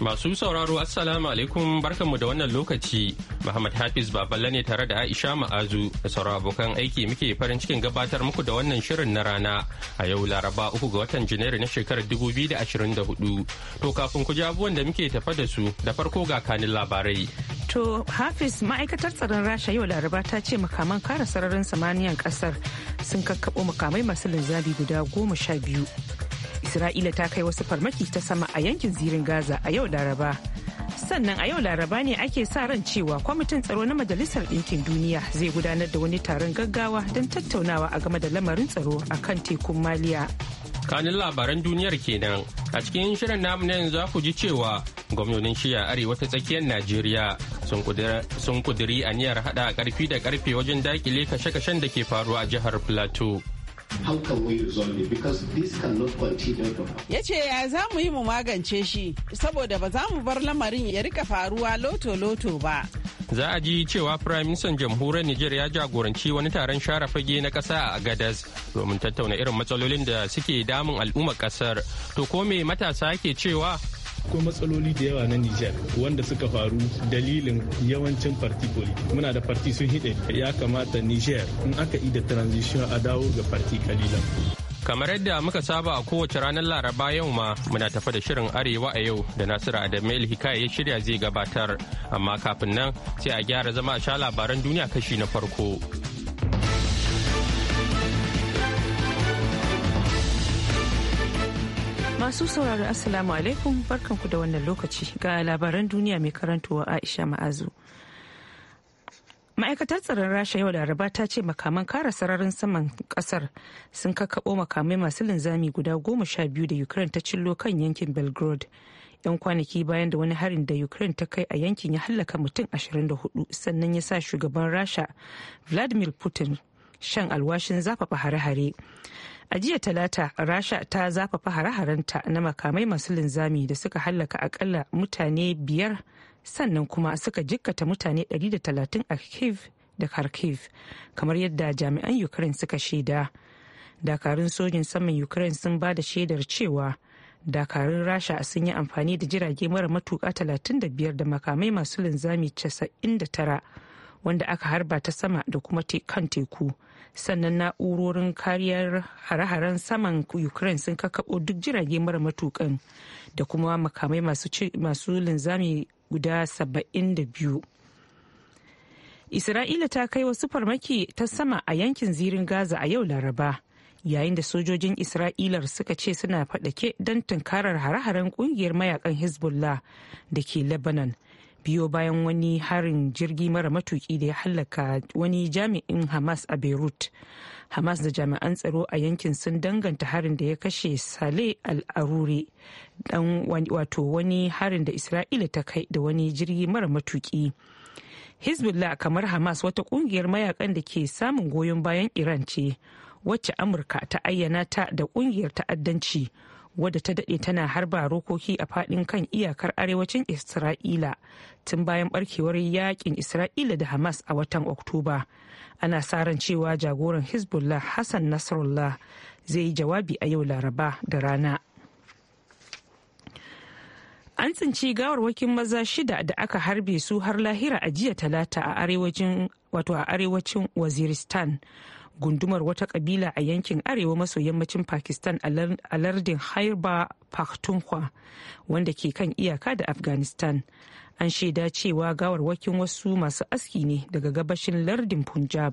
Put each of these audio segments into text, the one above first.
Masu sauraro Assalamu alaikum barkanmu da wannan lokaci. Muhammad Hafiz Baballe ne tare da Aisha Ma'azu da sauran abokan aiki muke farin cikin gabatar muku da wannan shirin na rana a yau Laraba uku ga watan Janairu na shekarar 2024. To kafin ku ji abubuwan da muke tafa da su da farko ga kanin labarai. To Hafiz ma'aikatar tsaron Rasha yau Laraba ta ce makaman kare sararin samaniyan kasar sun kakkaɓo makamai masu linzali guda goma sha biyu. Isra'ila ta kai wasu farmaki ta sama a yankin zirin Gaza a yau Laraba. Sannan a yau Laraba ne ake sa ran cewa kwamitin tsaro na Majalisar Ɗinkin Duniya zai gudanar da wani taron gaggawa don tattaunawa a game da lamarin tsaro a kan tekun Maliya. Kanin labaran duniyar kenan a cikin shirin namu na yanzu ku ji cewa gwamnonin shiya arewa ta tsakiyar Najeriya sun kuduri aniyar hada karfi da karfe wajen dakile kashe-kashen da ke faruwa a jihar Plateau. how can we resolve it because this cannot continue to happen. Ya ce ya za mu yi mu magance shi saboda ba za mu bar lamarin ya rika faruwa loto-loto ba. Za a ji cewa Prime Minister Jamhuriyar Nijar ya jagoranci wani taron share fage na ƙasa a Gadas domin tattauna irin matsalolin da suke damun al'ummar ƙasar. To ko me matasa ke cewa ko matsaloli da yawa na Niger wanda suka faru dalilin yawancin parti politics muna da parti sun hide ya kamata Nijar in aka yi da transition a dawo ga parti kalilan kamar yadda muka saba a kowace ranar laraba yau ma muna tafa da shirin arewa a yau da nasiru adamel hikaya ya shirya zai gabatar amma kafin nan sai a gyara zama a sha labaran duniya kashi na farko Masu sauraro Assalamu alaikum barkanku da wannan lokaci ga labaran duniya mai karantowa Aisha Ma'azu. Ma'aikatar tsaron Rasha yau Laraba ta ce makaman kara sararin saman kasar sun kakkaɓo makamai masu linzami guda goma sha biyu da Ukraine ta cillo kan yankin Belgrade. 'Yan kwanaki bayan da wani harin da Ukraine ta kai a yankin ya hallaka mutum ashirin da hudu sannan ya sa shugaban Rasha Vladimir Putin shan alwashin zafafa hare-hare. a jiya talata rasha ta zafafa hare-harenta na makamai masu linzami da suka hallaka akalla mutane biyar sannan kuma suka jikkata mutane 130 a kiv da kharkiv kamar yadda jami'an ukraine suka shaida dakarun sojin saman ukraine sun ba da shaidar cewa dakarun rasha sun yi amfani da jirage mara matuka 35 da makamai masu linzami 99 wanda aka harba ta sama da kuma kan teku. sannan na'urorin kariyar hare-haren saman ukraine sun kakabo duk jirage mara matukan da kuma makamai masu linzami guda 72 isra'ila ta kai wasu farmaki ta sama a yankin zirin gaza a yau laraba yayin da sojojin isra'ila suka ce suna faɗake don tunkarar hare-haren kungiyar mayakan hezbollah da ke lebanon biyo bayan wani harin jirgi mara matuki da ya hallaka wani jami'in hamas a beirut hamas da jami'an tsaro a yankin sun danganta harin da ya kashe saleh al-aruri dan wato wani harin da isra'ila ta kai da wani jirgi mara matuki hezbollah kamar hamas wata kungiyar mayakan da ke samun goyon bayan iran ce wacce amurka ta ayyana ta da kungiyar ta'addanci wadda ta dade tana harba rokoki a fadin kan iyakar arewacin isra'ila tun bayan barkewar yakin isra'ila da hamas a watan oktoba ana sa ran cewa jagoran hezbollah hassan nasrullah zai yi jawabi a yau laraba da rana an tsinci gawarwakin maza shida da aka harbe su har lahira a jiya talata a arewacin waziristan gundumar wata kabila a yankin arewa maso yammacin pakistan a lardin haiba pakhtunkhwa wanda ke kan iyaka da afghanistan an shaida cewa gawarwakin wasu masu aski ne daga gabashin lardin punjab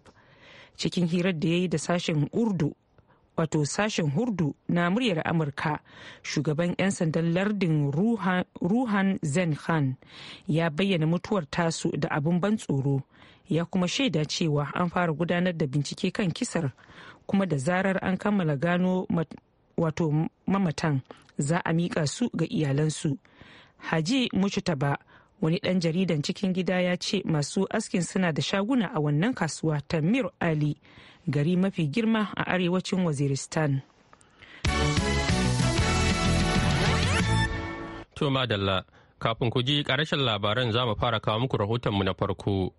cikin hirar da ya yi da sashen urdu wato sashen hurdu na muryar amurka shugaban 'yan sandan lardin ruhan zen khan ya bayyana mutuwar tasu da abin ban tsoro ya kuma shaida cewa an fara gudanar da bincike kan kisar kuma da zarar an kammala gano wato mamatan za a miƙa su ga iyalansu haji mushtaba wani ɗan jaridan cikin gida ya ce masu askin suna da shaguna a wannan kasuwa ta mir ali gari mafi girma a arewacin waziristan to madalla kafin ku ji ƙarashin labaran za mu fara kawo muku rahotonmu na farko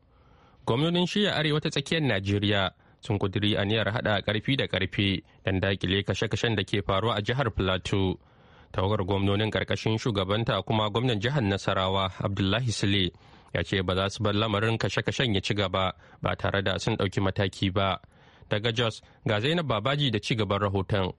gwamnonin shiya arewa ta tsakiyar najeriya sun kuduri aniyar hada karfi da karfe don dakile kashe-kashen da ke faruwa a jihar plateau tawagar gwamnonin karkashin shugabanta kuma gwamnan jihar nasarawa abdullahi sule ya ce ba za su bar lamarin kashe-kashen ya ci gaba ba tare da sun ɗauki mataki ba daga jos ga zainab babaji da ci gaban rahoton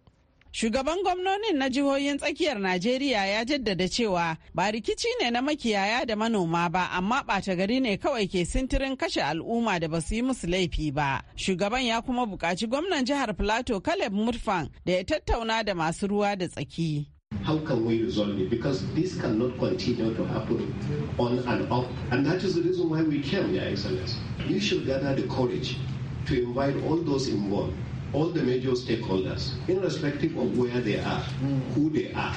Shugaban gwamnonin na jihohin tsakiyar Najeriya ya jaddada cewa ba rikici ne na makiyaya da manoma ba amma ɓata gari ne kawai ke sintirin kashe al'umma da ba su yi musu laifi ba. Shugaban ya kuma buƙaci gwamnan jihar Plateau Caleb Murfan da ya tattauna da masu ruwa da tsaki. How can we resolve it? Because this cannot continue to happen on and off. And that is the reason why we came, Your Excellency. You should gather the courage to invite all those involved all the major stakeholders, irrespective of where they are, who they are.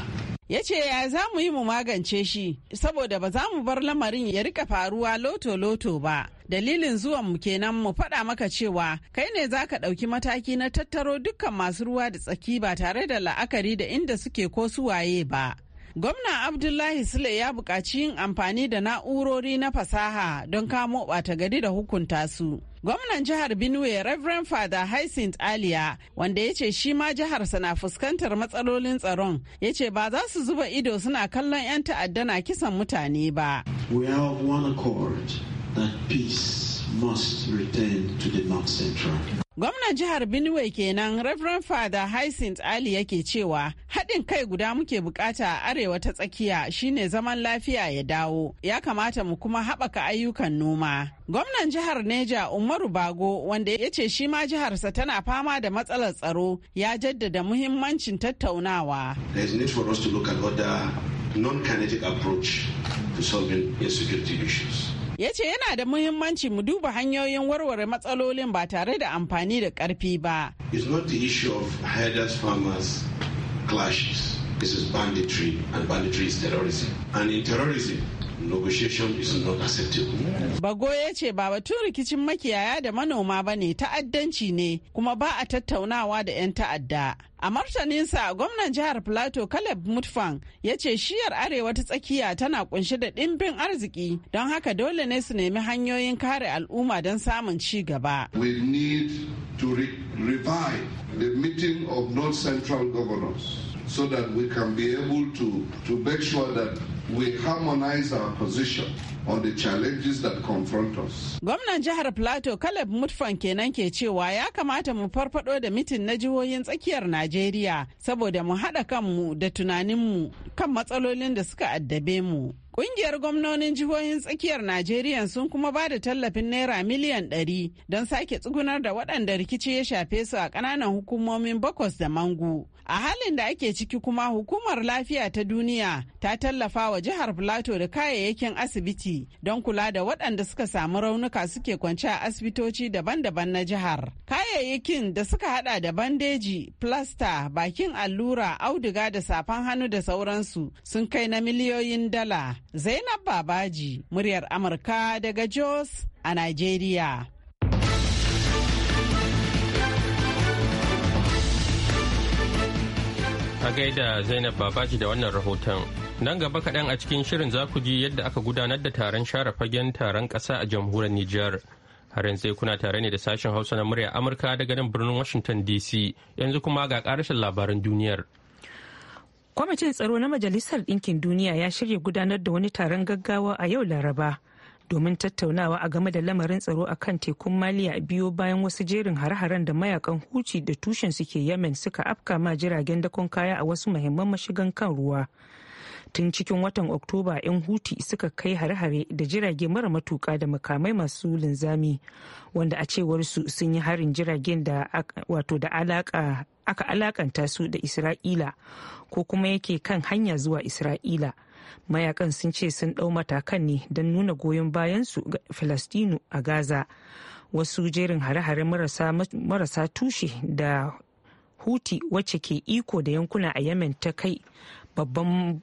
ya ce ya za mu yi mu magance shi saboda ba za mu bar lamarin ya rika faruwa loto-loto ba dalilin zuwan mu kenan mu faɗa maka cewa kai ne za ka ɗauki mataki na tattaro dukkan masu ruwa da tsaki ba tare da la'akari da inda suke ko su waye ba gwamna abdullahi sule ya buƙaci yin amfani da na'urori na fasaha don kamo ɓata gari da hukunta su Gwamnan jihar Benue Reverend Father Hyacinth Aliya wanda yace shi ma jiharsa na fuskantar matsalolin tsaron ya ce ba za su zuba ido suna kallon 'yan ta'adda na kisan mutane ba. We are one accord that peace must return to the North Central. Gwamnan jihar Benue kenan Reverend Father Hyacinth Ali yake cewa haɗin kai guda muke bukata a arewa ta tsakiya shine zaman lafiya ya dawo. Ya kamata mu kuma haɓaka ayyukan noma. Gwamnan jihar Neja Umaru Bago wanda ya ce shi ma jiharsa tana fama da matsalar tsaro ya jaddada muhimmancin tattaunawa. There is need for us to look at non-kinetic approach to solving insecurity issues. ya ce yana da muhimmanci mu duba hanyoyin warware matsalolin ba tare da amfani da karfi ba not the issue of clashes this is banditry and banditry is terrorism and in terrorism Bago ya ce ba batun rikicin makiyaya da manoma ba ne ta'addanci ne kuma ba a tattaunawa da 'yan ta'adda. A martaninsa gwamnan jihar Plateau Caleb Mutfang ya ce shiyar arewa ta tsakiya tana kunshe da ɗimbin arziki don haka dole ne su nemi hanyoyin kare al'umma don samun ci gaba. We need to re revive the meeting of North Central Governors. so that we can be able to, to make sure that we harmonize our position on the challenges that confront us. Gwamnan jihar Plateau Caleb Mutfan kenan ke cewa ya kamata mu farfado da mitin na jihohin tsakiyar Najeriya saboda mu haɗa kanmu da tunaninmu kan matsalolin da suka addabe mu. ƙungiyar gwamnonin jihohin tsakiyar Najeriya sun kuma ba da tallafin naira miliyan ɗari don sake tsugunar da waɗanda rikici ya shafe su a ƙananan hukumomin bakwas da mangu. A halin da ake ciki kuma hukumar lafiya ta duniya ta tallafa wa jihar Filato da kayayyakin asibiti don kula da waɗanda suka samu raunuka suke kwance a asibitoci daban-daban na jihar. Kayayyakin da suka hada da bandeji, plasta, bakin allura, auduga da safan hannu da sauransu sun kai na miliyoyin dala. Zainab Babaji, muryar Amurka daga Jos a Najeriya. A gaida Zainab Babaji da wannan rahoton. Nan gaba kaɗan a cikin shirin za ku ji yadda aka gudanar da taron share fagen taron ƙasa a jamhuriyar Nijar. Har yanzu kuna tare ne da sashen Hausa na murya Amurka daga nan birnin Washington DC. Yanzu kuma ga ƙarashin labaran duniyar. Kwamitin tsaro na Majalisar Ɗinkin Duniya ya shirya gudanar da wani taron gaggawa a yau Laraba. domin tattaunawa a game da lamarin tsaro a kan tekun maliya biyo bayan wasu jerin hare-haren da mayakan huci da tushen suke yemen suka afka ma jiragen dakon kaya a wasu mahimman mashigan kan ruwa tun cikin watan oktoba 'yan huti suka kai hare-hare da jirage mara matuka da makamai masu linzami wanda a cewar su sun yi harin jiragen da wato da alaka aka alakanta su da isra'ila ko kuma yake kan hanya zuwa isra'ila mayakan sun ce sun ɗau matakan ne don nuna goyon bayansu ga filastinu a gaza wasu jerin hare-hare marasa tushe da huti wacce ke iko da yankuna a yemen ta kai babban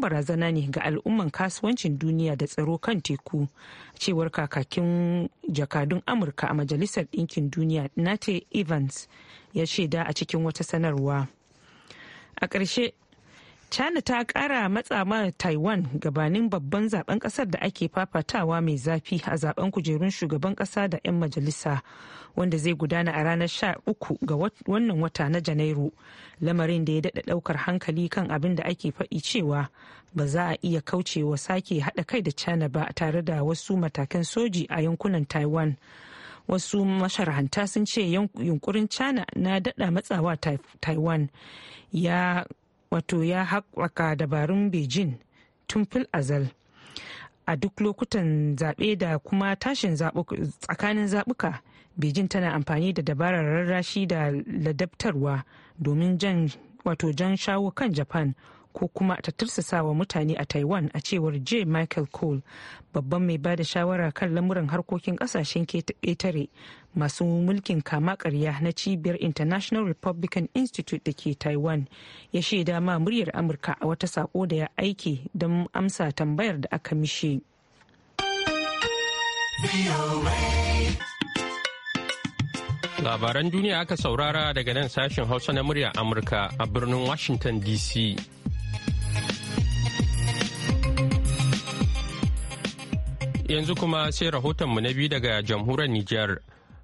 barazana ne ga al'umman kasuwancin duniya da tsaro kan teku cewar kakakin jakadun amurka a majalisar ɗinkin duniya nate evans ya shaida a cikin wata sanarwa a ƙarshe China ta kara matsa ma Taiwan gabanin babban zaben kasar da ake fafatawa mai zafi a zaben kujerun shugaban kasa da 'yan majalisa wanda zai gudana a ranar 13 ga wannan wata na Janairu. Lamarin da ya daɗa ɗaukar hankali kan abin da ake faɗi cewa ba za a iya kaucewa sake haɗa kai da China ba tare da wasu matakan soji a yankunan Taiwan. wasu sun ce yunkurin china na dada matsawa taiwan ya wato ya haƙaƙa dabarun beijing tun fil azal a duk lokutan zaɓe da kuma tashin tsakanin zaɓuka beijing tana amfani da dabarar rarrashi da ladabtarwa domin jan wato jan shawo kan japan ko kuma ta tursasawa mutane a taiwan a cewar j michael cole babban mai bada shawara kan lamuran harkokin kasashen ƙetare masu mulkin kama karya na cibiyar international republican institute da ke taiwan ya shaida ma muryar amurka a wata sako da ya aiki don amsa tambayar da aka mishe. Labaran duniya aka saurara daga nan sashen Hausa na murya Amurka a birnin Washington DC. Yanzu kuma sai rahotonmu na biyu daga jamhuriyar Nijar.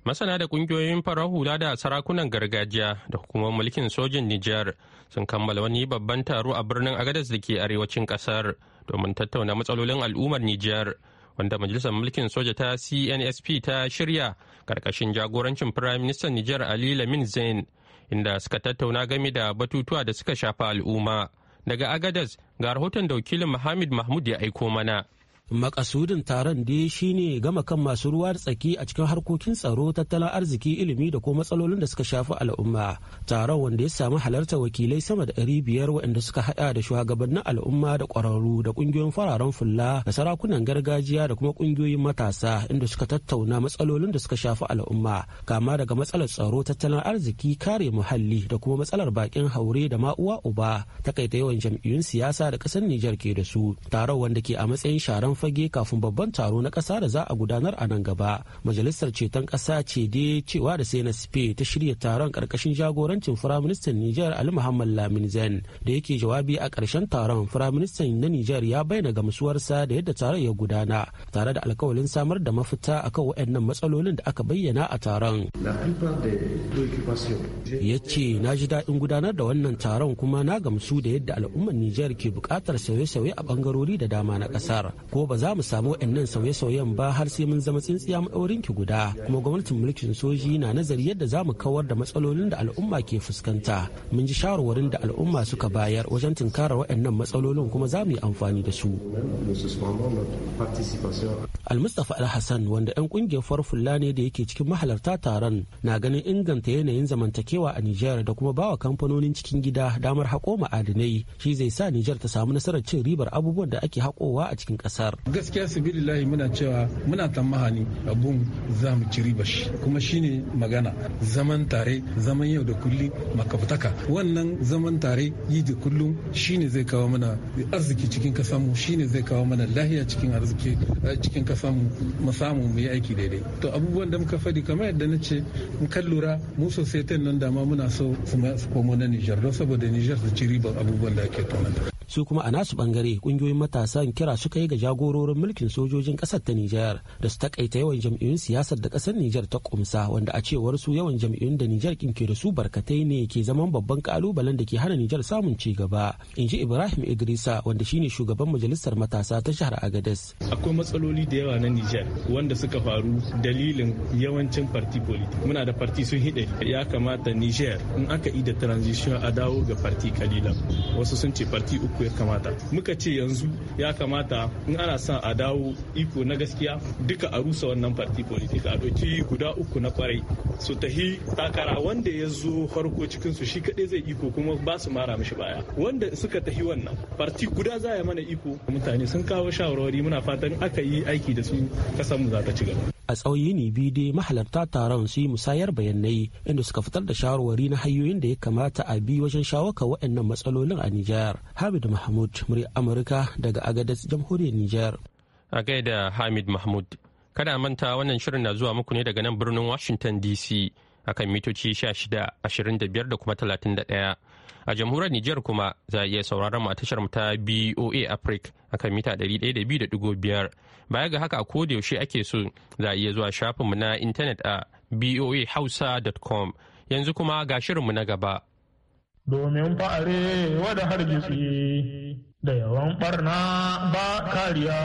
Masana da kungiyoyin farar hula da sarakunan gargajiya da hukumar mulkin sojin Nijar sun kammala wani babban taro a birnin Agadez da ke arewacin kasar domin tattauna matsalolin al'ummar Nijar. Wanda majalisar mulkin soja ta CNSP ta shirya karkashin jagorancin Firayim Ministan Nijar Ali Lamin Zain inda suka tattauna game da batutuwa da suka shafa al'umma. Daga Agadez ga rahoton da wakilin Muhammad Mahmud ya aiko mana. makasudin taron shi ne gama kan masu ruwa da tsaki a cikin harkokin tsaro tattalin arziki ilimi da kuma matsalolin da suka shafi al'umma taron wanda ya samu halarta wakilai sama da ɗari biyar waɗanda suka haɗa da shugabannin al'umma da ƙwararru da ƙungiyoyin fararen fulla da sarakunan gargajiya da kuma ƙungiyoyin matasa inda suka tattauna matsalolin da suka shafi al'umma kama daga matsalar tsaro tattalin arziki kare muhalli da kuma matsalar bakin haure da ma uwa uba takaita yawan jam'iyyun siyasa da ƙasar Nijar ke da su taron wanda ke a matsayin sharan fage kafin babban taro na ƙasa da za a gudanar a nan gaba majalisar ceton ƙasa ce dai cewa da sai na spain ta shirya taron ƙarƙashin jagorancin firaministan nijar ali muhammad lamin zen da yake jawabi a karshen taron firaministan na nijar ya bayyana gamsuwarsa da yadda taron ya gudana tare da alkawalin samar da mafita a akan waɗannan matsalolin da aka bayyana a taron ya ce na ji daɗin gudanar da wannan taron kuma na gamsu da yadda al'ummar nijar ke buƙatar sauye-sauye a ɓangarori da dama na ƙasar ko ba za mu samu nan sauye-sauyen ba har sai mun zama tsintsiya maɗaurin ki guda kuma gwamnatin mulkin soji na nazari yadda za mu kawar da matsalolin da al'umma ke fuskanta mun ji shawarwarin da al'umma suka bayar wajen tunkarar nan matsalolin kuma za mu yi amfani da su. Almustapha Alhassan wanda 'yan kungiyar farfulla ne da yake cikin mahalarta taron na ganin inganta yanayin zamantakewa a Nijar da kuma bawa kamfanonin cikin gida damar haƙo ma'adinai shi zai sa Nijar ta samu nasarar cin ribar abubuwan da ake haƙowa a cikin ƙasar. jihar gaskiya sabilillahi muna cewa muna tamahani abun za mu ci riba shi kuma shine magana zaman tare zaman yau da kulli makabtaka wannan zaman tare yi da kullum shine zai kawo mana arziki cikin kasanmu shine zai kawo mana lahiya cikin arziki eh, cikin kasanmu mu samu mu aiki daidai to abubuwan da muka faɗi kamar yadda na ce in kan lura mu sosai nan dama muna so su komo na Nijar don saboda Nijar su ci ba abubuwan da ake tunanta su kuma a nasu bangare kungiyoyin matasan kira suka yi ga jagororin mulkin sojojin kasar ta Nijar da su takaita yawan jam'iyyun siyasar da kasar Nijar ta kumsa wanda a cewar su yawan jam'iyyun da Nijar kinke da su barkatai ne ke zaman babban kalubalen da ke hana Nijar samun ci gaba in ji Ibrahim Idrisa wanda shine shugaban majalisar matasa ta jihar Agadez akwai matsaloli da yawa na Nijar wanda suka faru dalilin yawancin party politics muna da party sun hide ya kamata Nijar in aka yi da transition a dawo ga party kalila wasu sun ce party uku iko ya kamata muka ce yanzu ya kamata in ana son a dawo iko na gaskiya duka a rusa wannan party politika a ɗauki guda uku na kwarai su tahi takara wanda ya zo farko cikin su shi kaɗai zai iko kuma ba su mara mishi baya wanda suka tahi wannan parti guda za ya mana iko mutane sun kawo shawarwari muna fatan aka yi aiki da su kasanmu za ta ci gaba a tsauyi ne biyu dai mahalarta taron su yi musayar bayanai inda suka fitar da shawarwari na hanyoyin da ya kamata a bi wajen shawaka waɗannan matsalolin a Nijar. Hamid Mahmud, murya Amurka daga Agadez, Jamhuriyar Nijar. A gaida Hamid Mahmud, kada manta wannan shirin na zuwa muku ne daga nan birnin Washington DC akan mitoci 16, 25 da kuma 31. A jamhuriyar Nijar kuma za a iya sauraron tashar ta BOA Africa kan mita 102.5. Baya ga haka a yaushe ake so za a iya zuwa shafinmu na intanet a boahausa.com. Yanzu kuma ga shirinmu na gaba. Domin fa'are wada hargitsi da yawan barna ba kariya.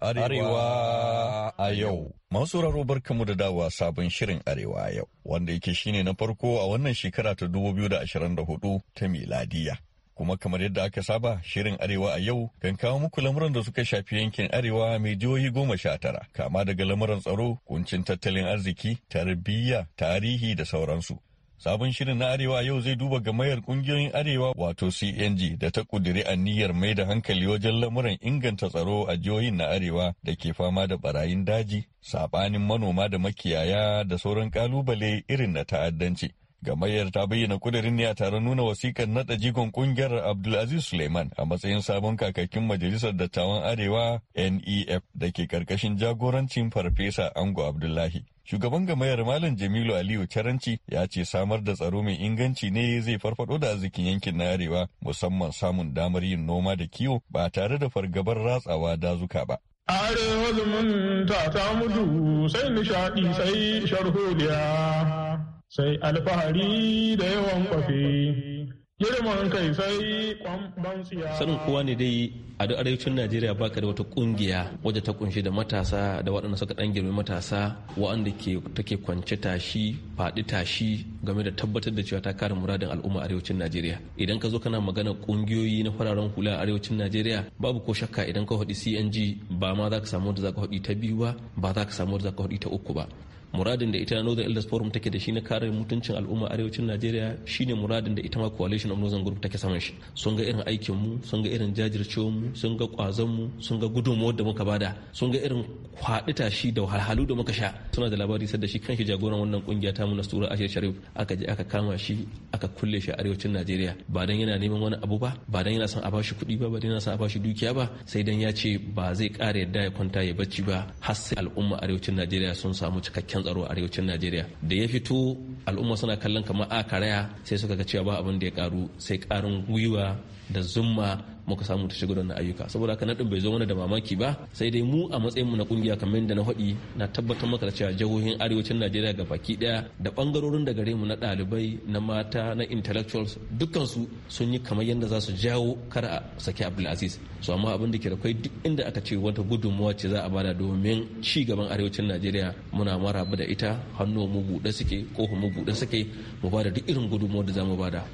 Arewa a yau. Masu raro barkamu da dawowa sabon shirin Arewa yau, wanda yake shine na farko a wannan shekara ta 2024 ta miladiya. Kuma kamar yadda aka saba, shirin Arewa a yau kan kawo muku lamuran da suka shafi yankin Arewa mai jihohi goma sha tara, kama daga lamuran tsaro, kuncin tattalin arziki, tarbiyya, tarihi da sauransu. Sabon shirin na Arewa yau zai duba gamayar kungiyoyin Arewa wato CNG da ta kudiri aniyar mai da hankali wajen lamuran inganta tsaro a jihohin na Arewa da ke fama da barayin daji, sabanin manoma da makiyaya da sauran kalubale irin na ta'addanci. Gamayyar ta bayyana kudirin ne a taron nuna wasikar nada jigon kungiyar Abdulaziz Suleiman a matsayin sabon kakakin Majalisar Dattawan Arewa NEF da ke karkashin jagorancin Farfesa Ango Abdullahi. Shugaban gamayyar Malam Jamilu Aliyu Caranci ya ce samar da tsaro mai inganci ne zai farfado da arzikin yankin na Arewa musamman samun damar yin noma da kiwo ba tare da fargabar ratsawa dazuka ba. Arewa zumunta ta mutu sai nishaɗi sai sharholiya. sai alfahari da yawan kwafi girman kai sai kwan ban sanin kowa ne dai a duk arewacin najeriya baka da wata kungiya wadda ta kunshi da matasa da waɗanda suka dan girmi matasa waɗanda ke take kwance tashi faɗi tashi game da tabbatar da cewa ta kare muradin al'umma a arewacin najeriya idan ka zo kana magana kungiyoyi na fararen hula a arewacin najeriya babu ko shakka idan ka haɗi cng ba ma za ka samu da za ka haɗi ta biyu ba ba za ka samu da za ka haɗi ta uku ba muradin da ita northern elders forum take da shi na kare mutuncin al'umma a arewacin najeriya shine muradin da ita ma coalition of northern group take saman shi sun ga irin aikin mu sun ga irin jajircewar mu sun ga mu sun ga gudunmuwar da muka bada sun ga irin kwaɗi tashi da wahalhalu da muka sha suna da labari sadda shi kanshi jagoran wannan kungiya ta muna sura ashir sharif aka je aka kama shi aka kulle shi a arewacin najeriya ba dan yana neman wani abu ba ba dan yana son a bashi kuɗi ba ba dan yana son a bashi dukiya ba sai dan ya ce ba zai ƙara yadda ya kwanta ya bacci ba har sai al'umma arewacin najeriya sun samu cikakken tsaro a arewacin najeriya da ya fito al'umma suna kallon kamar a karaya sai suka ga cewa ba abin da ya karu sai karin gwiwa da zumma muka samu ta shiga wannan ayyuka saboda haka nadin bai zo mana da mamaki ba sai dai mu a matsayin mu na kungiya kamar da na faɗi na tabbatar maka da cewa jihohin arewacin Najeriya ga baki daya da bangarorin da gare mu na ɗalibai na mata na intellectuals dukkan su sun yi kamar yadda za su jawo kar a saki Abdulaziz su amma abin da ke da kai duk inda aka ce wata gudunmuwa ce za a bada domin ci gaban arewacin Najeriya muna maraba da ita hannu mu buɗe suke kofar mu buɗe suke mu bada duk irin gudunmuwa da za mu bada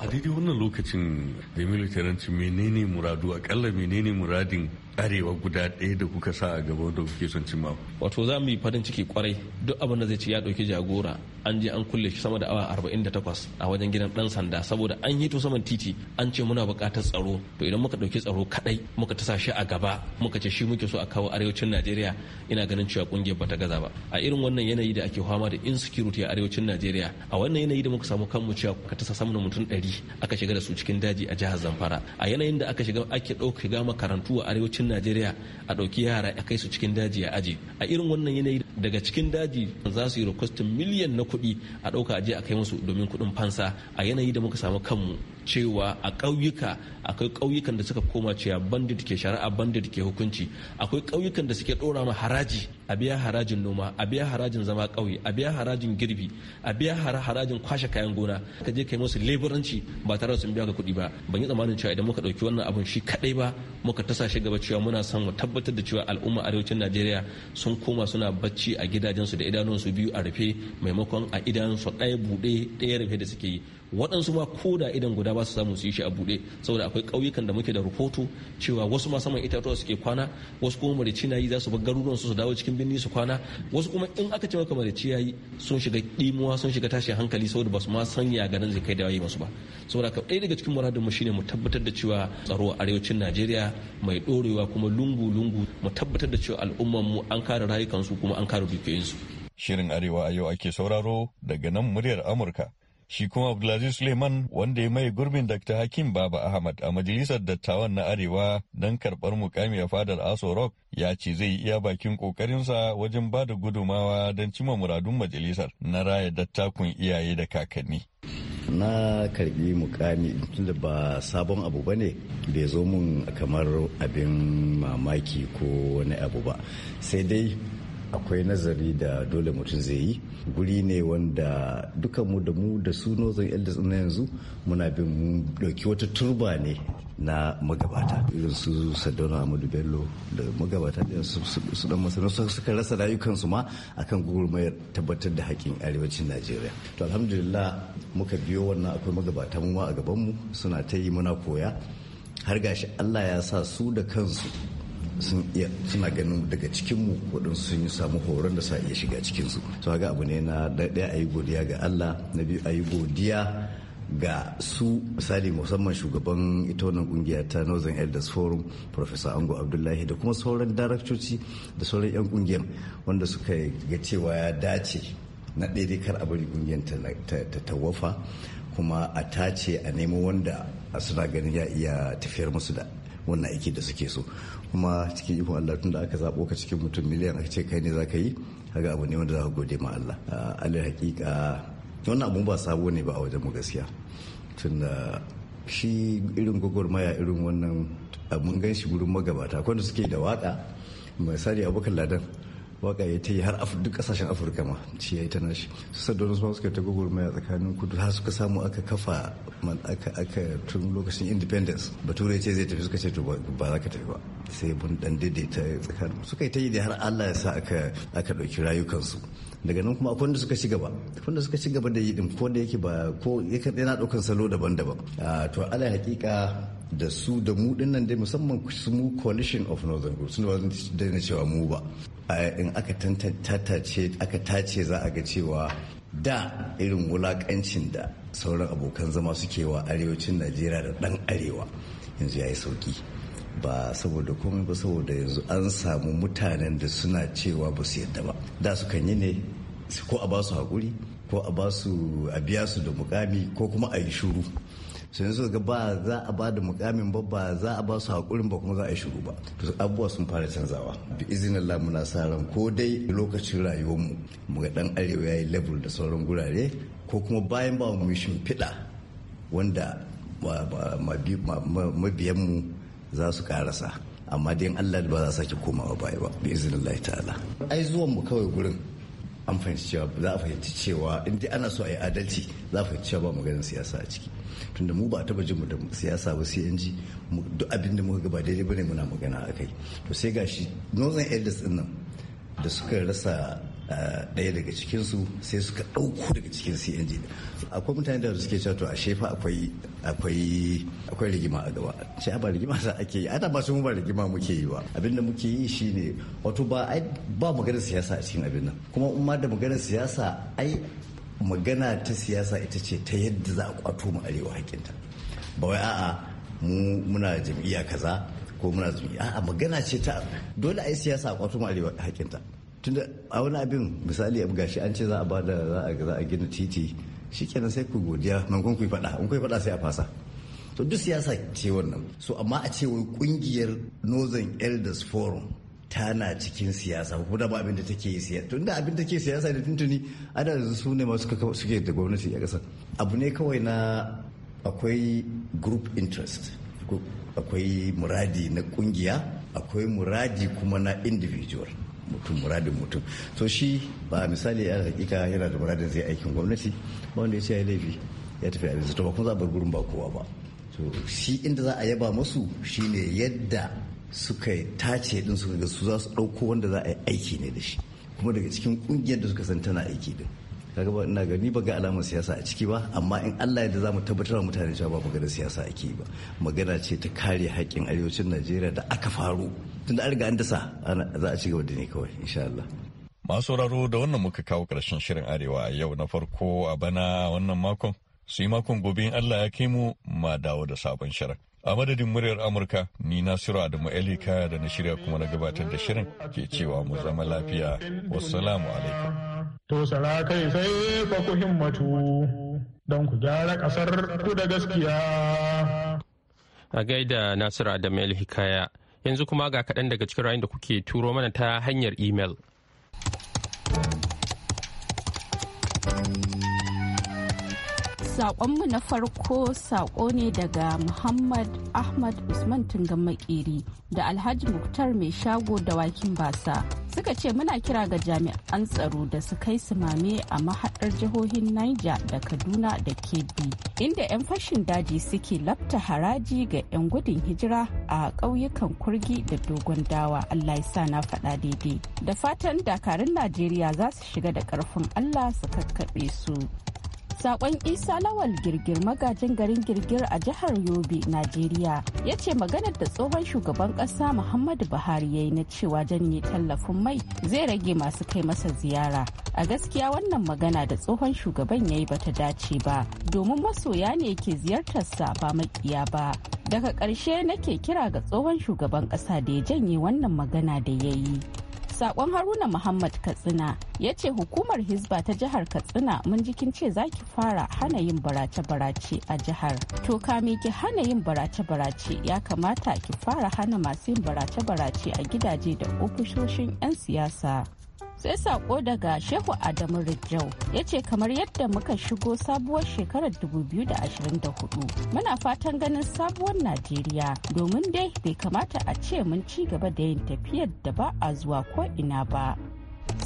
a daidai wannan lokacin da militaranci menene muradu akalla menene muradin arewa guda ɗaya da kuka sa a gaba da kuke son cimma wato za mu yi farin ciki kwarai duk abin da zai ci ya ɗauki jagora an je an kulle shi sama da awa 48 a wajen gidan dan sanda saboda an to saman titi an ce muna buƙatar tsaro to idan muka ɗauki tsaro kaɗai muka tasa shi a gaba muka ce shi muke so a kawo arewacin najeriya ina ganin cewa kungiyar bata gaza ba a irin wannan yanayi da ake fama da insecurity a arewacin najeriya a wannan yanayi da muka samu kanmu cewa ka ta samu mutum ɗari aka shiga da su cikin daji a jihar zamfara a yanayin da aka shiga ake ɗauki shiga makarantu a arewacin najeriya a ɗauki yara a kai su cikin daji a aji a irin wannan yanayi daga cikin daji za su yi requestin miliyan na kuɗi a ɗauka je a kai musu domin kuɗin fansa a yanayi da muka samu kanmu cewa a ƙauyuka akwai ƙauyukan da suka koma cewa bandit ke shari'a bandit ke hukunci akwai ƙauyukan da suke ɗora ma haraji a biya harajin noma a biya harajin zama kauye a biya harajin girbi a biya harajin kwashe kayan gona ka je kai musu leburanci ba tare da sun biya ka kuɗi ba ban yi tsammanin cewa idan muka ɗauki wannan abun shi kaɗai ba muka tasa shi gaba cewa muna son mu tabbatar da cewa al'umma arewacin najeriya sun koma suna bacci a gidajensu da idanunsu biyu a rufe maimakon a idanunsu ɗaya buɗe ɗaya rufe da suke yi waɗansu ma ko da idan guda ba su samu su yi shi a buɗe saboda akwai ƙauyukan da muke da rahoto cewa wasu ma saman itatuwa suke kwana wasu kuma marici na yi za su bar garuruwan su dawo cikin cikin birni su kwana wasu kuma in aka ce maka marici yayi sun shiga dimuwa sun shiga tashin hankali saboda ba su ma san ya ganin zai kai da yayi masu ba saboda ka ɗaya daga cikin muradin mu shine mu tabbatar da cewa tsaro a arewacin Najeriya mai ɗorewa kuma lungu lungu mu tabbatar da cewa al'umman mu an kare su kuma an kare su shirin arewa a yau ake sauraro daga nan muryar Amurka Shi kuma Abdulaziz Suleiman wanda ya mai gurbin Dr. Hakim Baba Ahmad a majalisar dattawan na Arewa don karɓar mukami a fadar Aso Rock ya ce zai yi iya bakin ƙoƙarinsa wajen ba da gudumawa don cimma muradun majalisar na raya dattakun iyaye da kakanni. na karbi mukami tunda ba sabon abu ba ne bai zo mun kamar abin mamaki ko wani abu ba sai dai akwai nazari da dole mutum zai yi guri ne wanda dukan mu da mu da su nozon yadda na yanzu muna bin mu dauki wata turba ne na magabata irin su sadona amadu bello da magabata da su dan masana suka rasa rayukansu ma akan gurmayar tabbatar da haƙƙin arewacin najeriya to alhamdulillah muka biyo wannan akwai magabata mu ma a gabanmu suna ta yi muna koya har gashi allah ya sa su da kansu sun iya suna ganin daga cikin mu waɗansu sun yi samu horon da sa iya shiga cikin su to ga abu ne na daya ayi godiya ga Allah na biyu ayi godiya ga su misali musamman shugaban ita wannan kungiya ta northern elders forum professor ango abdullahi da kuma sauran daraktoci da sauran 'yan kungiyar wanda suka ga cewa ya dace na daidai kar a bari kungiyar ta tawafa kuma a tace a nemo wanda suna ganin ya iya tafiyar musu da wannan aiki da suke so kuma cikin ikon Allah tun da aka zaɓo ka cikin mutum miliyan ake ce kai ne za ka yi haga abu ne wanda za ka gode ma Allah alai hakika wannan abun ba sabo ne ba a wajen mu gaskiya tun shi irin gwagwarmaya irin wannan mun gan shi gurin magabata kwanda suke da waka misali abokan ladan waka ya ta yi har duk kasashen afirka ma shi ya yi ta nashi su sadonus ma suka ta a tsakanin kudu har suka samu aka kafa man aka aka tun lokacin independence bature ce zai tafi suka ce to ba za ka tafi ba sai mun dan daidaita tsakanin suka yi ta yi da har Allah ya sa aka aka dauki rayukansu daga nan kuma akwai wanda suka ci gaba wanda suka ci gaba da yi din ko da yake ba ko yake yana daukan salo daban-daban to Allah hakika da su da mu din nan dai musamman su mu coalition of northern group sun ba da na cewa mu ba in aka tantance aka tace za a ga cewa da irin wulakancin da sauran abokan zama suke wa arewacin najeriya da dan arewa yanzu ya yi sauki ba saboda komai ba saboda yanzu an samu mutanen da suna cewa ba su yadda ba da su kan yi ne ko a ba su haƙuri ko a ba a biya su da mukami ko kuma a yi shuru sai yanzu ga ba za a ba da mukamin ba ba za a ba su haƙurin ba kuma za a yi shuru ba to abubuwa sun fara canzawa bi izinin Allah muna sa ran ko dai lokacin rayuwar mu ga dan arewa yayi level da sauran gurare ko kuma bayan ba mu shimfiɗa wanda mabiyanmu za su karasa amma dai Allah ba za sake komawa baya ba bi izinin ta'ala ai zuwan mu kawai gurin an fahimci cewa za a fahimci cewa in dai ana so a yi adalci za a fahimci cewa ba maganin siyasa a ciki tunda mu ba taba jin mu da siyasa ba sai yan ji duk abin da muka ga ba daidai bane muna magana akai to sai gashi northern elders din nan da suka rasa ɗaya daga cikinsu sai suka ɗauko daga cikin cng akwai mutane da suke cewa to ashe fa akwai akwai akwai rigima a gaba ce ba rigima sa ake yi ana ba su ba rigima muke yi ba abinda muke yi shine wato ba ba maganar siyasa a cikin abin nan kuma in ma da maganar siyasa ai magana ta siyasa ita ce ta yadda za a kwato mu arewa hakinta ba wai a'a mu muna jam'iyya kaza ko muna jam'iyya a'a magana ce ta dole ai siyasa a kwato mu arewa hakinta tunda a wani abin misali abu gashi an ce za a bada za a gina titi shikenan sai ku godiya maimakon ku yi fada in ku yi fada sai a fasa to duk siyasa ce wannan so amma a ce wai kungiyar northern elders forum tana cikin siyasa ko da ba abin da take yi siyasa tunda abin da take siyasa da tuntuni ana yanzu su ne masu suke da gwamnati a kasar. abu ne kawai na akwai group interest akwai muradi na kungiya akwai muradi kuma na individual mutum muradin mutum to shi ba misali a hakika yana da muradin zai aikin gwamnati ba wanda ya ce ya laifi ya tafi a to ba kuma za a bar gurin ba kowa ba so shi inda za a yaba shi ne yadda suka tace din suka ga su za su ɗauko wanda za a yi aiki ne da shi kuma daga cikin ƙungiyar da suka san tana aiki din kaga ba ina gani ba ga alamar siyasa a ciki ba amma in Allah ya da zamu tabbatar wa mutane cewa ba magana siyasa ake ba magana ce ta kare haƙƙin arewacin Najeriya da aka faru tun da an riga an dasa za a ci da ne kawai insha Allah. Masu sauraro da wannan muka kawo ƙarshen shirin Arewa a yau na farko a bana wannan makon. su yi makon gobe in Allah ya kai mu ma dawo da sabon shirin. A madadin muryar Amurka, ni Nasiru Adamu Elika da na shirya kuma na gabatar da shirin ke cewa mu zama lafiya. Wassalamu alaikum. To sara kai sai fa ku himmatu don ku gyara kasar ku da gaskiya. A gaida Nasiru Adamu hikaya. yanzu kuma ga kaɗan daga cikin ra'ayin da kuke turo mana ta hanyar imel. Saƙonmu na farko saƙo ne daga Muhammad Ahmad Usman Tungan Makeri da Alhaji Muktar mai shago da wakin basa. Suka ce muna kira ga jami'an tsaro da su kai su mame a mahaɗar jihohin Niger da Kaduna da Kebbi, inda 'yan fashin daji suke lafta haraji ga 'yan gudun hijira a ƙauyukan kurgi da dogon dawa Allah ya sa na faɗa daidai. Da fatan dakarun Najeriya za su shiga da ƙarfin Allah su kakkaɓe su. Sakon Isa Lawal Girgir magajin garin Girgir a jihar Yobe, nigeria ya ce maganar da tsohon shugaban kasa Muhammadu Buhari ya yi na cewa janye tallafin mai zai rage masu kai masa ziyara. A gaskiya wannan magana da tsohon shugaban ya yi bata dace ba, domin masoya ne ke ziyartarsa ba makiya ba. Daga ƙarshe nake kira ga tsohon shugaban ƙasa da ya janye wannan magana da ya yi. sakon haruna muhammad katsina ya ce hukumar hisba ta jihar katsina mun jikin ce za ki fara hana yin barace-barace a jihar to kame ki hana yin barace-barace ya kamata ki fara hana masu yin barace-barace a gidaje da ofisoshin 'yan siyasa sai sako daga shehu adamu rijau ya ce kamar yadda muka shigo sabuwar shekarar 2024 muna fatan ganin sabuwar najeriya domin dai bai kamata a ce mun ci gaba da yin tafiyar da ba a zuwa ko ina ba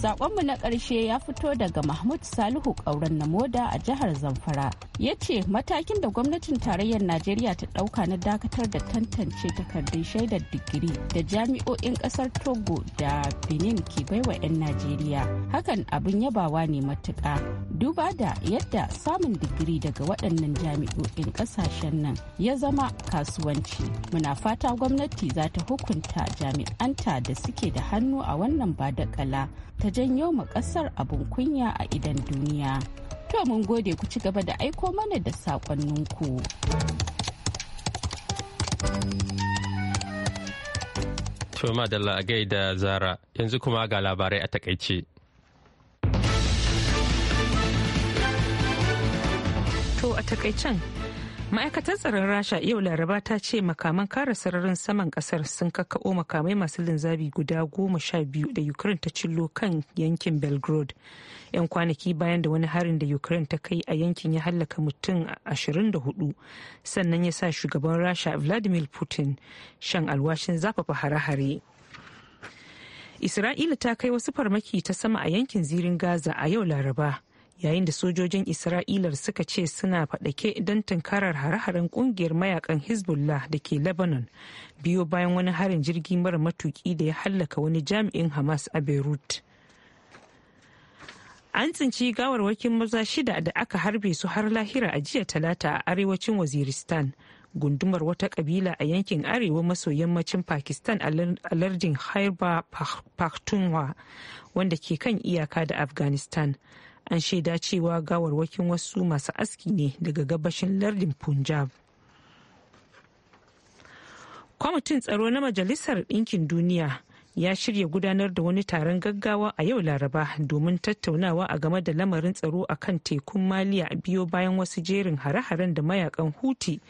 Sakonmu na ƙarshe ya fito daga Mahmud Salihu Ƙauren Namoda a jihar Zamfara. Ya ce matakin da gwamnatin tarayyar Najeriya ta ɗauka na dakatar da tantance takardun shaidar digiri da jami'o'in ƙasar Togo da Benin ke baiwa 'yan Najeriya. Hakan abin yabawa ne matuƙa. Duba da yadda samun digiri daga waɗannan jami'o'in ƙasashen nan ya zama kasuwanci. Muna fata gwamnati za ta hukunta jami'anta da suke da hannu a wannan ƙala. ta janyo ma kasar abun kunya a idan duniya. To mun gode ku ci gaba da aiko mana da saƙonninku. To madalla a gaida Zara yanzu kuma ga labarai a takaice. To a takaicen ma'aikatar tsaron rasha yau laraba ta ce makaman kare sararin saman kasar sun kakao makamai masu linzabi guda goma sha biyu da ukraine ta cillo kan yankin belgrade yan kwanaki bayan da wani harin da ukraine ta kai a yankin ya hallaka mutum ashirin da hudu sannan ya sa shugaban rasha vladimir putin shan alwashin zafafa hare-hare isra'ila ta kai wasu farmaki ta sama a yankin zirin gaza a yau laraba yayin da sojojin isra'ilar suka ce suna faɗake don tunkarar hare-haren kungiyar mayakan hezbollah da ke lebanon biyo bayan wani harin jirgi mara matuki da ya hallaka wani jami'in hamas a beirut an tsinci gawarwakin maza shida da aka harbe su har lahira a jiya talata a arewacin waziristan gundumar wata kabila a yankin arewa maso yammacin pakistan a lardin haiba pakhtunwa wanda ke kan iyaka da afghanistan an shaida cewa gawarwakin wasu masu aski ne daga gabashin lardin punjab kwamitin tsaro na majalisar ɗinkin duniya ya shirya gudanar da wani taron gaggawa a yau laraba domin tattaunawa a game da lamarin tsaro a kan tekun maliya biyo bayan wasu jerin hare-haren da mayakan huti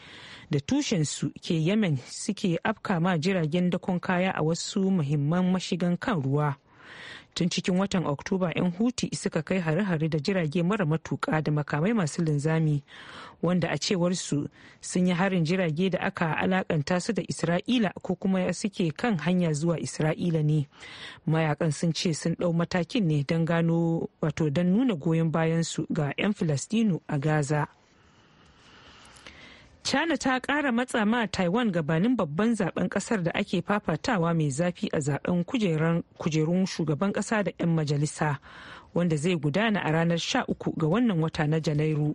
da tushensu ke yemen suke afka ma jiragen dakon kaya a wasu muhimman mashigan kan ruwa tun cikin watan oktoba 'yan huti suka kai hare-hare da jirage mara matuka da makamai masu linzami wanda a cewar su sun yi harin jirage da aka alakanta su da isra'ila ko kuma suke kan hanya zuwa isra'ila ne mayakan sun ce sun dau matakin ne don gano wato don nuna goyon bayan su ga 'yan filastinu a gaza China ta kara matsa ma Taiwan gabanin babban zaben kasar da ake fafatawa mai zafi a zaben kujerun shugaban kasa da 'yan majalisa wanda zai gudana a ranar 13 ga wannan wata na Janairu.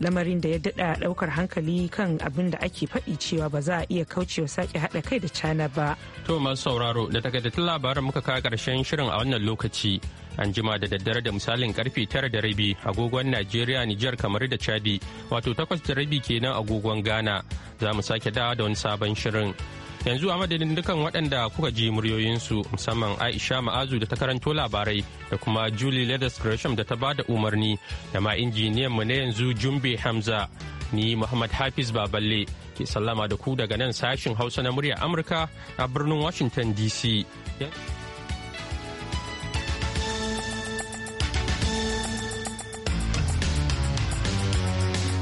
lamarin da ya daɗa ɗaukar hankali kan abin da ake faɗi cewa ba za a iya kaucewa sake haɗa kai da cana ba. To masu sauraro da takaitattun labaran muka kawo ƙarshen shirin a wannan lokaci. An jima da daddare da misalin karfe tara da rabi agogon Najeriya Nijar kamar da Chadi wato takwas da rabi kenan agogon Ghana za mu sake dawa da wani sabon shirin. yanzu a madadin dukan waɗanda kuka ji muryoyinsu musamman aisha ma'azu da ta karanto labarai da kuma julie leathers gresham da ta ba da umarni da ma injiniyan mu na yanzu jumbe hamza ni muhammad hafiz baballe ke sallama da ku daga nan sashin hausa na murya amurka a birnin washington dc